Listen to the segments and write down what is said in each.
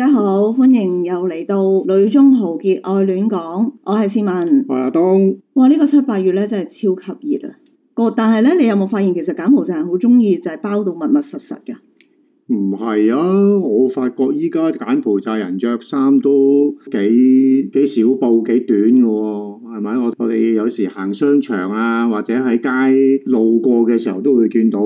大家好，歡迎又嚟到《女中豪傑愛戀港》，我係思文，我係阿東。哇，呢個七八月咧真係超級熱啊！個但係咧，你有冇發現其實柬埔寨人好中意就係包到密密實實嘅。唔係啊！我發覺依家柬埔寨人著衫都幾幾少布幾短嘅喎，係咪？我我哋有時行商場啊，或者喺街路過嘅時候都會見到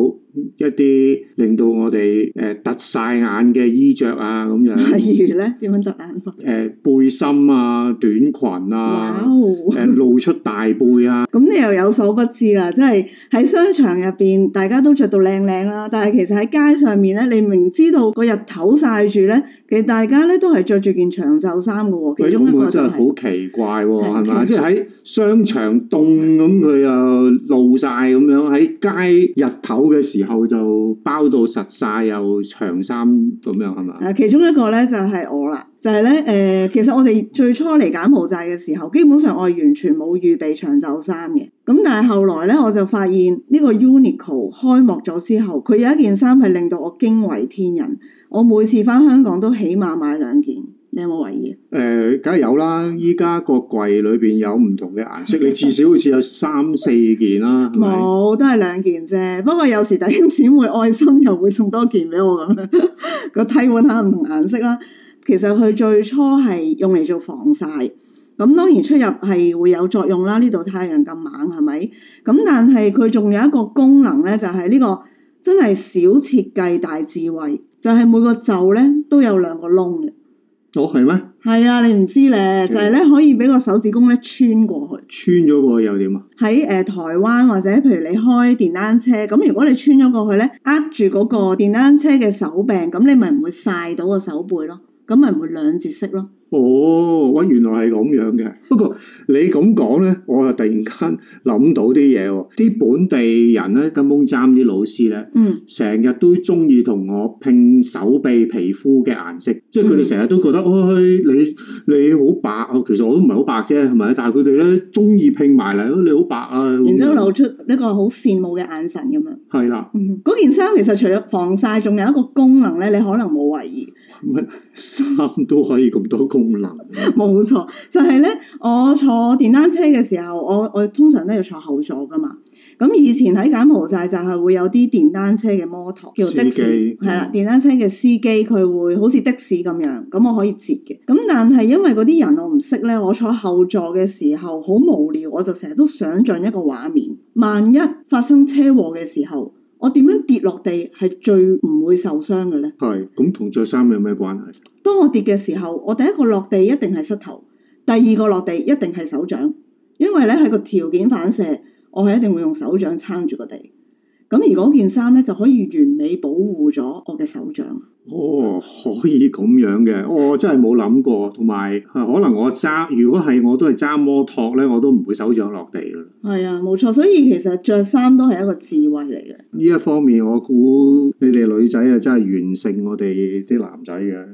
一啲令到我哋誒凸曬眼嘅衣著啊咁樣。例如咧，點樣凸眼法？誒，背心啊，短裙啊，誒露出大背啊！咁你又有所不知啦，即係喺商場入邊大家都著到靚靚啦，但係其實喺街上面咧，你唔～明知道個日頭曬住咧，其實大家咧都係着住件長袖衫嘅喎。其中一個、就是、真係好奇怪喎，係咪啊？即係喺商場凍咁，佢又露晒咁樣；喺街日頭嘅時候就包到實晒，又長衫咁樣，係咪啊？誒，其中一個咧就係我啦。就係咧，誒、呃，其實我哋最初嚟柬埔寨嘅時候，基本上我係完全冇預備長袖衫嘅。咁但係後來咧，我就發現呢個 Uniqlo 開幕咗之後，佢有一件衫係令到我驚為天人。我每次翻香港都起碼買兩件。你有冇懷疑？誒、呃，梗係有啦。依家個櫃裏邊有唔同嘅顏色，你至少好似有三 四件啦。冇 都係兩件啫。不過有時弟兄姊妹愛心又會送多件俾我咁樣，個替換下唔同顏色啦。其實佢最初係用嚟做防曬，咁當然出入係會有作用啦。呢度太陽咁猛係咪？咁但係佢仲有一個功能呢，就係呢個真係小設計大智慧，就係每個袖呢都有兩個窿嘅。哦，係咩？係啊，你唔知咧，就係咧可以俾個手指公咧穿過去。穿咗過去又點啊？喺、呃、台灣或者譬如你開電單車，咁如果你穿咗過去呢，握住嗰個電單車嘅手柄，咁你咪唔會曬到個手背咯。咁咪唔會兩節色咯？哦，喂，原來係咁樣嘅。不過你咁講咧，我就突然間諗到啲嘢喎。啲本地人咧，金毛針啲老師咧，嗯，成日都中意同我拼手臂皮膚嘅顏色，即係佢哋成日都覺得，嗯、哎，你你好白啊，其實我都唔係好白啫，係咪？但係佢哋咧中意拼埋嚟，你好白啊，會會然之後露出呢個好羨慕嘅眼神咁樣。係啦的，嗰、嗯、件衫其實除咗防曬，仲有一個功能咧，你可能冇留意。乜衫都可以咁多功能？冇錯， 就係、是、咧，我坐電單車嘅時候，我我通常都要坐後座噶嘛。咁以前喺柬埔寨就係會有啲電單車嘅摩托叫的士，係啦司機，電單車嘅司機佢會好似的士咁樣，咁我可以截嘅。咁但係因為嗰啲人我唔識咧，我坐後座嘅時候好無聊，我就成日都想象一個畫面：萬一發生車禍嘅時候。我點樣跌落地係最唔會受傷嘅呢？係咁同着衫有咩關係？當我跌嘅時候，我第一個落地一定係膝頭，第二個落地一定係手掌，因為呢係個條件反射，我係一定會用手掌撐住個地。咁而嗰件衫咧，就可以完美保護咗我嘅手掌。哦，可以咁樣嘅、哦，我真係冇諗過。同埋、啊，可能我揸，如果係我都係揸摩托咧，我都唔會手掌落地嘅。係啊，冇錯。所以其實着衫都係一個智慧嚟嘅。呢一方面我我，我估你哋女仔啊，真係完勝我哋啲男仔嘅。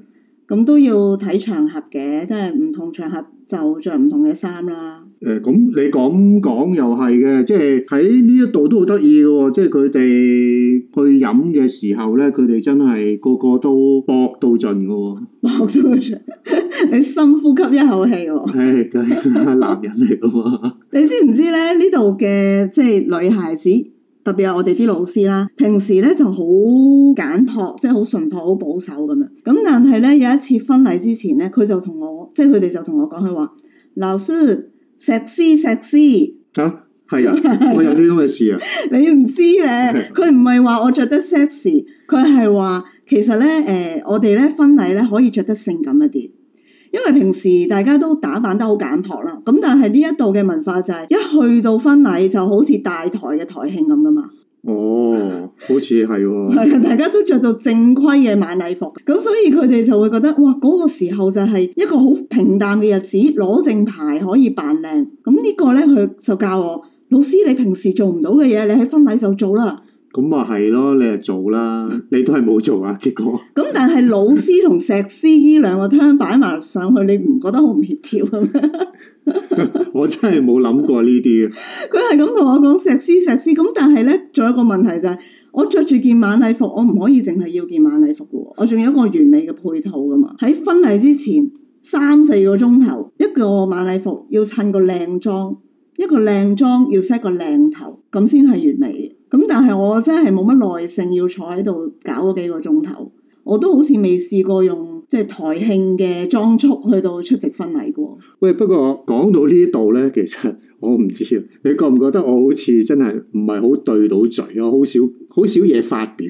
咁都要睇場合嘅，即係唔同場合就着唔同嘅衫啦。誒、欸，咁你咁講又係嘅，即係喺呢一度都好得意嘅喎，即係佢哋去飲嘅時候咧，佢哋真係個個都搏到盡嘅喎、哦，搏到盡，你深呼吸一口氣喎、哦。係，梗係男人嚟嘅嘛。你知唔知咧？呢度嘅即係女孩子。特別係我哋啲老師啦，平時咧就好簡樸，即係好淳樸、好保守咁樣。咁但係咧，有一次婚禮之前咧，佢就同我，即係佢哋就同我講，佢話，老師，sexy，sexy，吓，係啊，啊 我有呢種嘅事啊， 你唔知咧，佢唔係話我着得 sexy，佢係話其實咧，誒、呃，我哋咧婚禮咧可以着得性感一啲。因為平時大家都打扮得好簡樸啦，咁但係呢一度嘅文化就係、是、一去到婚禮就好似大台嘅台慶咁㗎嘛。哦， 好似係、哦，係大家都着到正規嘅晚禮服，咁所以佢哋就會覺得哇，嗰、那個時候就係一個好平淡嘅日子，攞正牌可以扮靚。咁呢個呢，佢就教我老師，你平時做唔到嘅嘢，你喺婚禮就做啦。咁咪係咯，你就做啦，你都係冇做啊，結果。咁 但係老師同 sexy 依兩個攤擺埋上去，你唔覺得好唔協調咩？ 我真係冇諗過呢啲。佢係咁同我講 sexy sexy，咁但係呢，仲有一個問題就係，我着住件晚禮服，我唔可以淨係要件晚禮服噶，我仲有一個完美嘅配套噶嘛。喺婚禮之前三四個鐘頭，一個晚禮服要襯個靚裝，一個靚裝要 set 個靚頭，咁先係完美。咁但係我真係冇乜耐性要坐喺度搞嗰幾個鐘頭，我都好似未試過用即係、就是、台慶嘅裝束去到出席婚禮過。喂，不過講到呢度呢，其實我唔知，你覺唔覺得我好似真係唔係好對到嘴？我好少好少嘢發表。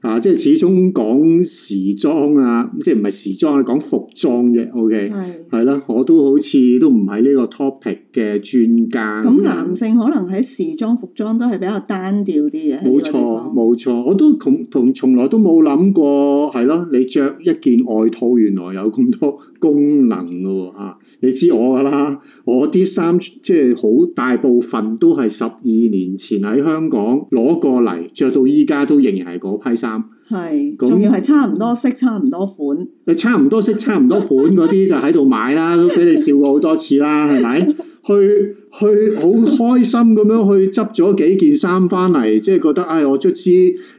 啊，即係始終講時裝啊，即係唔係時裝啊，講服裝嘅，OK，係係啦，我都好似都唔係呢個 topic 嘅專家。咁男性可能喺時裝服裝都係比較單調啲嘅。冇錯，冇錯，我都同同從來都冇諗過，係咯，你着一件外套原來有咁多。功能嘅喎，你知我噶啦，我啲衫即係好大部分都係十二年前喺香港攞過嚟着到依家都仍然係嗰批衫。係是，仲那要係差唔多色、差唔多款。你差唔多色、差唔多款嗰啲就喺度買啦， 都俾你笑過好多次啦，係咪？ 去去好開心咁樣去執咗幾件衫翻嚟，即係覺得唉、哎，我卒之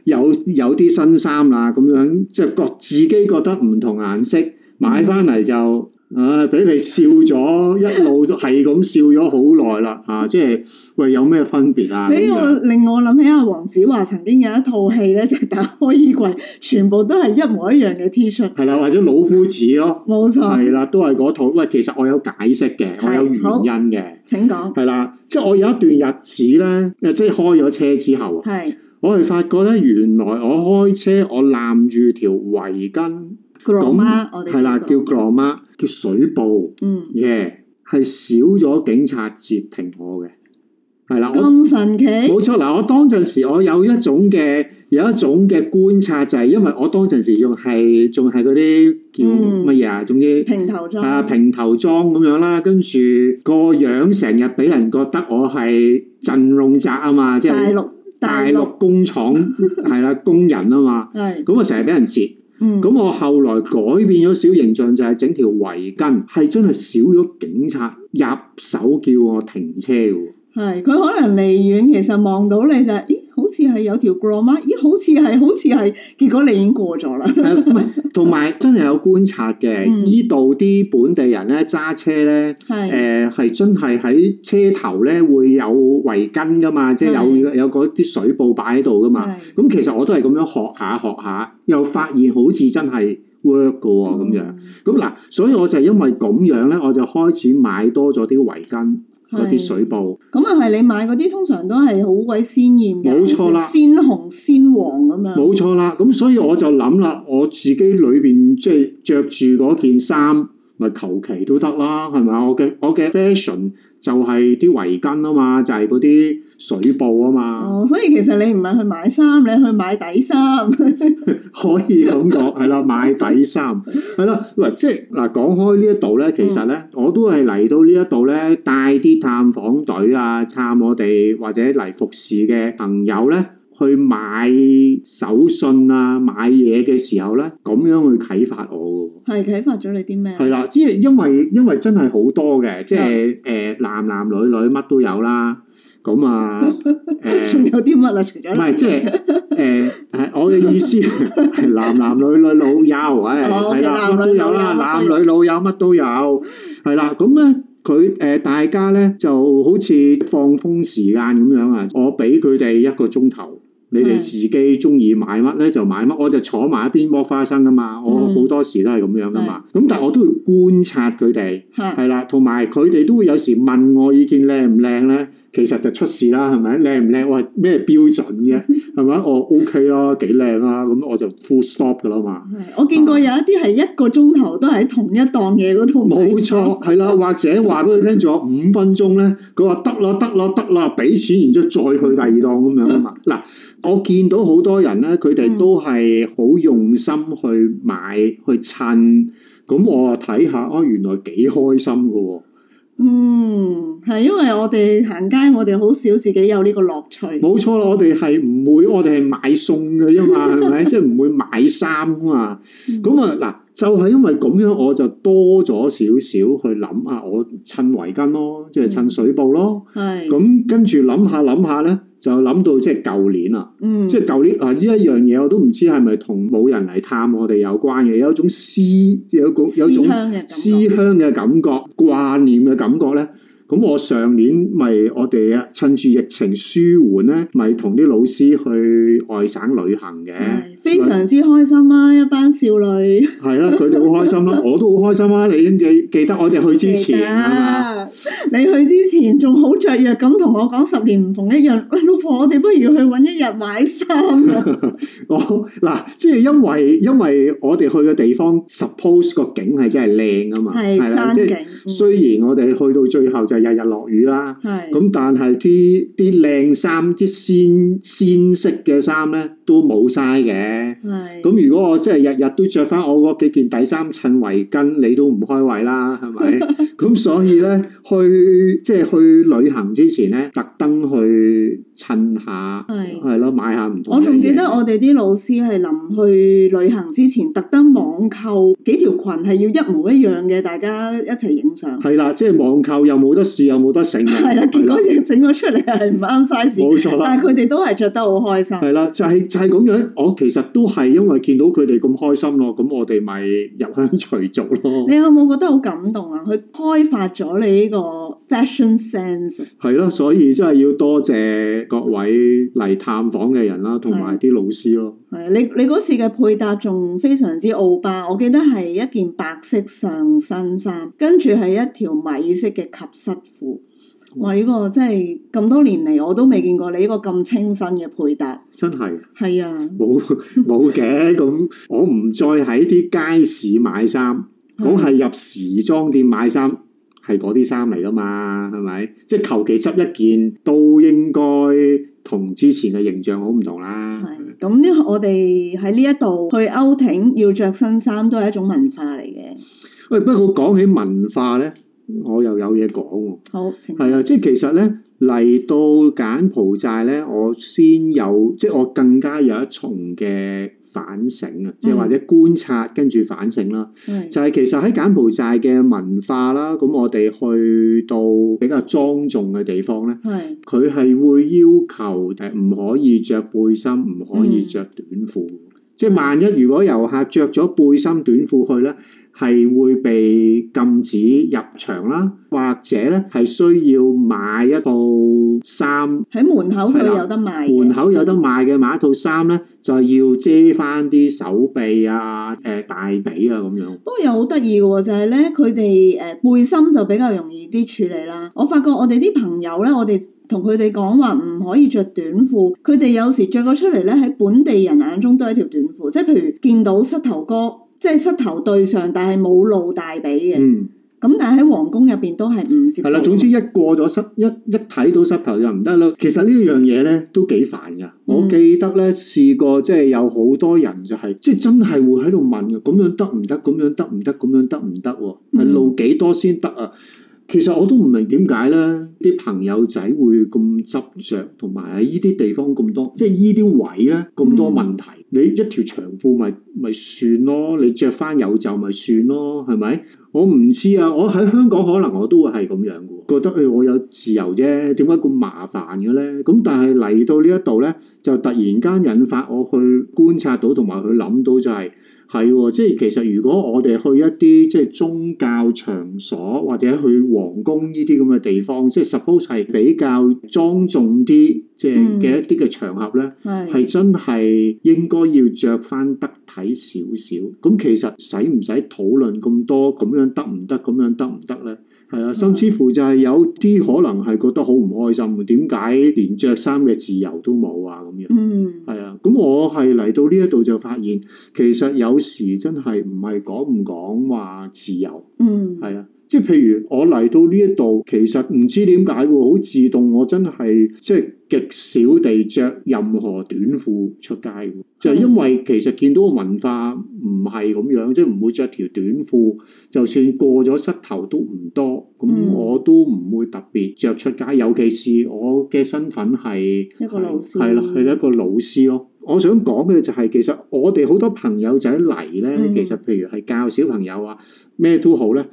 有有啲新衫啦，咁樣即係覺自己覺得唔同顏色。買翻嚟就，誒、呃，俾你笑咗一路都係咁笑咗好耐啦，吓、啊，即係喂有咩分別啊？呢個令我諗起阿黃子華曾經有一套戲咧，就係，打開衣櫃，全部都係一模一樣嘅 T 恤。係啦，或者老夫子咯，冇錯，係啦，都係嗰套。喂，其實我有解釋嘅，是我有原因嘅，請講。係啦，即係我有一段日子咧，即係開咗車之後，係，是的 我係發覺咧，原來我開車我攬住條圍巾。咁係啦，叫 grandma，叫水布，嗯，耶，係少咗警察截停我嘅，係啦，咁神奇，冇錯嗱，我當陣時我有一種嘅有一種嘅觀察就係，因為我當陣時仲係仲係嗰啲叫乜嘢啊，總之，平頭裝啊平頭裝咁樣啦，跟住個樣成日俾人覺得我係陣弄雜啊嘛，即係大陸大陸工廠係 啦工人啊嘛，係，咁我成日俾人截。咁我後來改變咗小形象，就係整條圍巾，係真係少咗警察入手叫我停車嘎。係，佢可能離遠，其實望到你就咦？好似係有條 Krama 嗎？咦？好似係，好似係，結果你已經過咗啦。同 埋真係有觀察嘅，依度啲本地人咧揸車咧，誒係是、呃、真係喺車頭咧會有圍巾噶嘛，即係有是有嗰啲水布擺喺度噶嘛。咁是其實我都係咁樣學下學下，又發現好似真係 work 噶喎咁樣。咁嗱、嗯嗯，所以我就係因為咁樣咧，我就開始買多咗啲圍巾。嗰啲水布，咁啊係你買嗰啲通常都係好鬼鮮豔嘅，冇錯啦，鮮紅鮮黃咁樣！冇錯啦，咁所以我就諗啦，我自己裏邊即係着住嗰件衫，咪求其都得啦，係咪啊？我嘅我嘅 fashion。就係啲圍巾啊嘛，就係嗰啲水布啊嘛。哦，所以其實你唔係去買衫，你去買底衫。 可以咁講，係啦，買底衫，係 啦。喂，即係嗱，講開呢一度咧，其實咧，嗯、我都係嚟到呢帶一度呢一度咧，帶啲探訪隊啊，探我哋或者嚟服侍嘅朋友咧。去買手信啊，買嘢嘅時候咧，咁樣去啟發我嘅，係啟發咗你啲咩？係啦，即係因為因為真係好多嘅，即係誒男男女女乜都有啦，咁啊，誒仲有啲乜啊？除咗唔係即係誒誒，我嘅意思男男女女老友，誒係啦，乜都有啦，男女老友乜都有，係啦，咁啊佢誒大家咧就好似放風時間咁樣啊，我俾佢哋一個鐘頭。你哋自己中意買乜咧就買乜，我就坐埋一邊剝花生噶嘛，我好多時都係咁樣噶嘛。咁、嗯、但係我都會觀察佢哋，係啦、嗯，同埋佢哋都會有時問我依件靚唔靚咧。其實就出事啦，係咪靚唔靚？喂，咩標準嘅？係咪？我 OK 咯，幾靚啦，咁我就 full stop 噶啦嘛。係、 嗯，我見過有一啲係一個鐘頭都喺同一檔嘢嗰度。冇錯，係啦，或者話俾佢聽，仲有五分鐘咧，佢話得啦，得啦，得啦，俾錢，然之後再去第二檔咁樣啊嘛。嗱、嗯，我見到好多人咧，佢哋都係好用心去買去襯，咁我睇下，哦、啊，原來幾開心噶。嗯，係，因為我哋行街，我哋好少自己有呢個樂趣。冇錯啦，我哋係唔會，我哋係買餸嘅啫嘛，係咪？ 即係唔會買衫啊嘛。咁啊、嗯，嗱，就係、係、因為咁樣，我就多咗少少去諗下我襯圍巾咯，即係襯水布咯。係、嗯。咁跟住諗下諗下咧。就諗到即係舊年啦，嗯、即係舊年啊！呢一樣嘢我都唔知係咪同冇人嚟探我哋有關嘅，有一種思有一個有種思鄉嘅感覺，掛念嘅感覺咧。咁我上年咪我哋趁住疫情舒緩咧，咪同啲老師去外省旅行嘅。 非常之開心啦，啊，一班少女係啦，佢哋好開心啦，啊，我都好開心啊！你記記得我哋去之前係 你去之前仲好雀躍咁同我講，十年唔逢一樣，老婆我哋不如去揾一日買衫啊！我嗱，即係因為因為我哋去嘅地方，suppose 個景係真係靚噶嘛，係 的山景。係雖然我哋去到最後就日日落雨啦，咁的但係啲啲靚衫，啲鮮鮮色嘅衫咧，都冇晒嘅。咁如果我即係日日都着翻我嗰幾件底衫襯圍巾，你都唔開胃啦，係咪？咁 所以呢，去即係去旅行之前呢，特登去。襯下係係咯，買下唔同。我仲記得我哋啲老師係臨去旅行之前，特登網購幾條裙係要一模一樣嘅，大家一齊影相。係啦，即係網購又冇得試又得，又冇得成。係啦，結果整整咗出嚟係唔啱 size。冇錯，但係佢哋都係着得好開心。係啦，就係、是、就係、是、咁樣。我其實都係因為見到佢哋咁開心咯，咁我哋咪入鄉隨俗咯。你有冇覺得好感動啊？佢開發咗你呢個 fashion sense 的。係啦，所以真係要多謝，謝。各位嚟探訪嘅人啦，同埋啲老師咯。係啊，你你嗰時嘅配搭仲非常之奧巴，我記得係一件白色上身衫，跟住係一條米色嘅及膝褲。哇、嗯，呢個真係咁多年嚟我都未見過你呢個咁清新嘅配搭，真係的。係啊，冇冇嘅，咁 我唔再喺啲街市買衫，我係入時裝店買衫。嗯係嗰啲衫嚟噶嘛，係咪？即係求其執一件，都應該同之前嘅形象好唔同啦。係咁呢，我哋喺呢一度去歐庭要着新衫都係一種文化嚟嘅。喂，不過講起文化咧，我又有嘢講喎。好，係啊，即係其實咧，嚟到柬埔寨咧，我先有即係我更加有一重嘅。反省啊，即係或者觀察跟住反省啦。Mm. 就係其實喺柬埔寨嘅文化啦，咁我哋去到比較莊重嘅地方咧，佢係、mm. 會要求誒唔可以着背心，唔可以着短褲。Mm. 即係萬一如果遊客着咗背心短褲去咧。係會被禁止入場啦，或者咧係需要買一套衫喺門口佢有得賣，的門口有得賣嘅的買一套衫咧，就要遮翻啲手臂啊、誒、呃、大髀啊咁樣。不過又好得意嘅喎，就係咧佢哋誒背心就比較容易啲處理啦。我發覺我哋啲朋友咧，我哋同佢哋講話唔可以着短褲，佢哋有時着咗出嚟咧，喺本地人眼中都係條短褲，即係譬如見到膝頭哥。即係膝頭對上，但係冇露大髀嘅。嗯，咁但係喺皇宮入邊都係唔接受。係啦，總之一過咗膝，一一睇到膝頭就唔得囉。其實呢樣嘢咧都幾煩噶嗯、我記得咧試過，即係有好多人就係、是、即、就、係、是、真係會喺度問嘅。咁樣得唔得？咁樣得唔得？咁樣得唔得？係露幾多先得啊？嗯其實我都唔明點解咧，啲朋友仔會咁執着，同埋喺呢啲地方咁多，即係呢啲位咧咁多問題。嗯、你一條長褲咪咪算咯，你着返有袖咪算咯，係咪？我唔知啊，我喺香港可能我都會係咁樣嘅，覺得誒我有自由啫，點解咁麻煩嘅咧？咁但係嚟到呢一度咧，就突然間引發我去觀察到同埋去諗到就係、是。係喎、哦，即係其實如果我哋去一啲即係宗教場所或者去皇宮呢啲咁嘅地方，即係 suppose 係比較莊重啲，即係嘅一啲嘅場合咧，係、嗯、真係應該要着返得體少少。咁其實使唔使討論咁多，咁樣得唔得，咁樣得唔得咧？係啊，甚至乎就係有啲可能係覺得好唔開心，點解連着衫嘅自由都冇啊咁樣？嗯，係啊，咁我係嚟到呢一度就發現，其實有時真係唔係講唔講話自由，嗯，係啊。即係譬如我嚟到呢一度，其實唔知點解會好自動，我真係即係極少地着任何短褲出街。就係因為其實見到個文化唔係咁樣，即係唔會着條短褲，就算過咗膝頭都唔多，咁我都唔會特別着出街。尤其是我嘅身份係一個老師，係咯，係一個老師咯。我想講嘅就係、是、其實我哋好多朋友仔嚟咧，其實譬如係教小朋友啊，咩都好咧。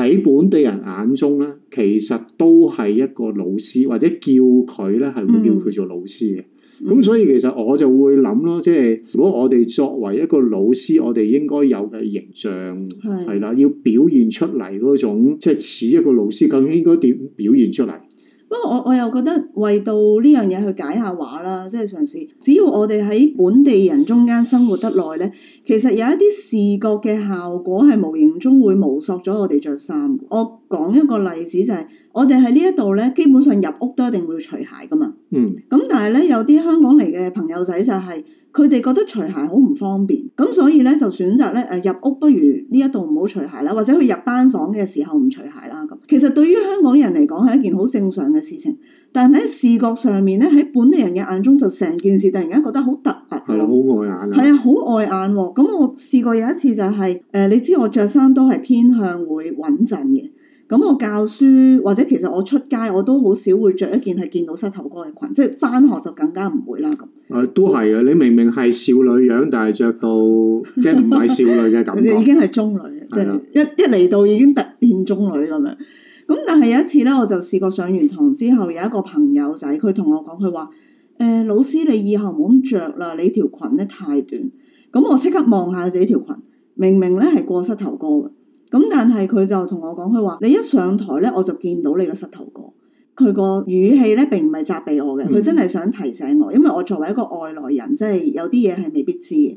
喺本地人眼中咧，其實都係一個老師，或者叫佢咧係會叫佢做老師嘅。咁、嗯、所以其實我就會諗咯，即係如果我哋作為一個老師，我哋應該有嘅形象係啦是，要表現出嚟嗰種即係似一個老師，究竟應該點表現出嚟？不過我我又覺得為到呢樣嘢去解下畫啦，即係嘗試。只要我哋喺本地人中間生活得耐咧，其實有一啲視覺嘅效果係無形中會模塑咗我哋着衫。我講一個例子就係、是，我哋喺呢一度咧，基本上入屋都一定會除鞋㗎嘛。嗯。咁但係咧，有啲香港嚟嘅朋友仔就係、是。佢哋覺得除鞋好唔方便，咁所以咧就選擇咧誒、呃、入屋，不如呢一度唔好除鞋啦，或者佢入班房嘅時候唔除鞋啦。咁其實對於香港人嚟講係一件好正常嘅事情，但喺視覺上面咧，喺本地人嘅眼中就成件事突然間覺得好特別，係咯的，好、啊、礙眼，係啊，好礙眼喎、啊。咁我試過有一次就係、是、誒、呃，你知我着衫都係偏向會穩陣嘅。咁我教書或者其實我出街我都好少會着一件係見到膝頭哥嘅裙，即係翻學就更加唔會啦咁。誒、啊，都係啊！你明明係少女樣，但係着到即係唔係少女嘅感覺， 已經係中女，即係的一一嚟到已經突變中女咁樣。咁但係有一次咧，我就試過上完堂之後，有一個朋友仔佢同我講，佢話：誒、呃，老師你以後唔好咁着啦，你條裙咧太短。咁我即刻望下自己條裙，明明咧係過膝頭哥嘅。咁但係佢就同我講，佢話，你一上台咧，我就見到你個膝頭哥。佢個語氣咧並唔係責備我嘅，佢真係想提醒我，因為我作為一個外來人，真係有啲嘢係未必知嘅。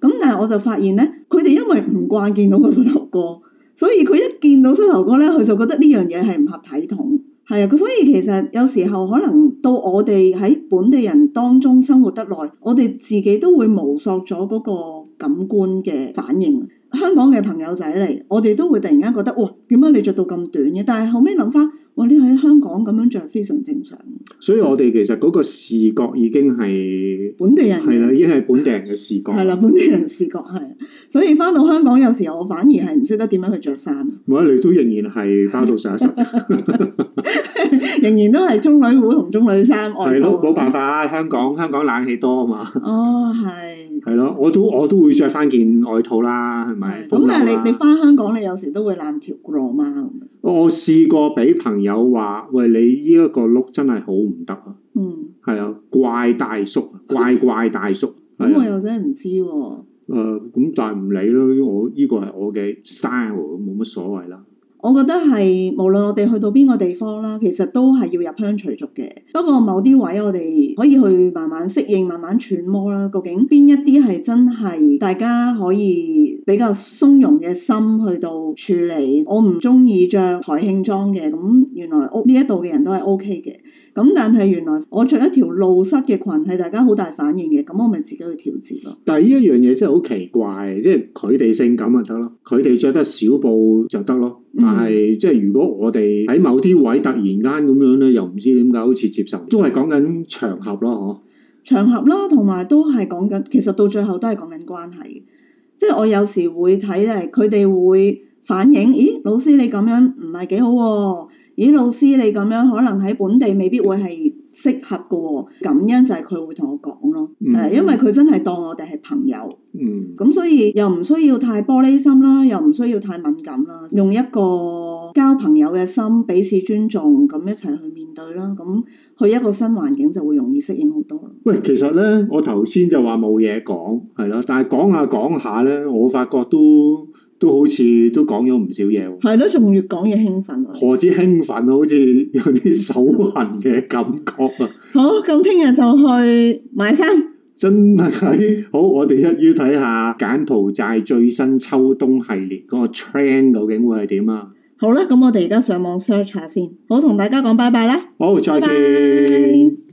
咁但係我就發現咧，佢哋因為唔慣見到個膝頭哥，所以佢一見到膝頭哥咧，佢就覺得呢樣嘢係唔合體統，係啊。所以其實有時候可能到我哋喺本地人當中生活得耐，我哋自己都會模索咗嗰個感官嘅反應。香港嘅朋友仔嚟，我哋都會突然間覺得哇，點解你着到咁短嘅？但係後尾諗翻，哇！你喺香港咁樣着，非常正常。所以我哋其實嗰個視覺已經係本地人係啦，已經係本地人嘅視覺係啦，本地人視覺係。所以翻到香港有時候，我反而係唔識得點樣去着衫。冇啊，你都仍然係包到上一十 仍然都係中女褲同中女衫外套。係咯，冇辦法，香港香港冷氣多啊嘛。哦，係。係咯，我都我都會着翻件外套啦，係咪？咁但係你你翻香港，你有時都會冷條過嘛。我試過俾朋友話，喂，你呢一個碌真係好唔得啊！嗯，係啊，怪大叔，怪怪大叔。咁 的我又真係唔知喎、啊。誒、呃，咁但係唔理啦，我依、呢個係我嘅 style，冇乜所謂啦。我覺得係無論我哋去到邊個地方啦，其實都係要入鄉隨俗嘅。不過某啲位我哋可以去慢慢適應、慢慢揣摩啦。究竟邊一啲係真係大家可以，比較鬆容嘅心去到處理，我唔中意着台慶裝嘅，咁原來屋呢一度嘅人都係 O K 嘅，咁但係原來我着一條露膝嘅裙係大家好大反應嘅，咁我咪自己去調節咯。但係呢一樣嘢真係好奇怪，即係佢哋性感咪得咯，佢哋着得少布就得咯，嗯、但係即係如果我哋喺某啲位突然間咁樣咧，又唔知點解好似接受，都係講緊場合咯，嗬？場合啦，同埋都係講緊，其實到最後都係講緊關係。即係我有時會睇咧，佢哋會反映，咦，老師你咁樣唔係幾好喎？咦，老師你咁樣可能喺本地未必會係適合噶喎。咁樣就係佢會同我講咯，誒、mm-hmm. 因為佢真係當我哋係朋友。嗯、mm。咁、mm-hmm. 所以又唔需要太玻璃心啦，又唔需要太敏感啦，用一個，交朋友嘅心，彼此尊重，咁一齊去面對啦。咁去一個新環境就會容易適應好多。喂，其實呢，我頭先就話冇嘢講，係咯。但係講下講下呢，我發覺都都好似都講咗唔少嘢喎。係咯，仲越講越興奮。何止興奮，好似有啲手痕嘅感覺啊！ 好，咁聽日就去買衫。真係，好！我哋一於睇下柬埔寨最新秋冬系列嗰個 trend 究竟會係點啊！好啦，咁我哋而家上網 search 下先，好，同大家講拜拜啦，好，拜拜再見。拜拜。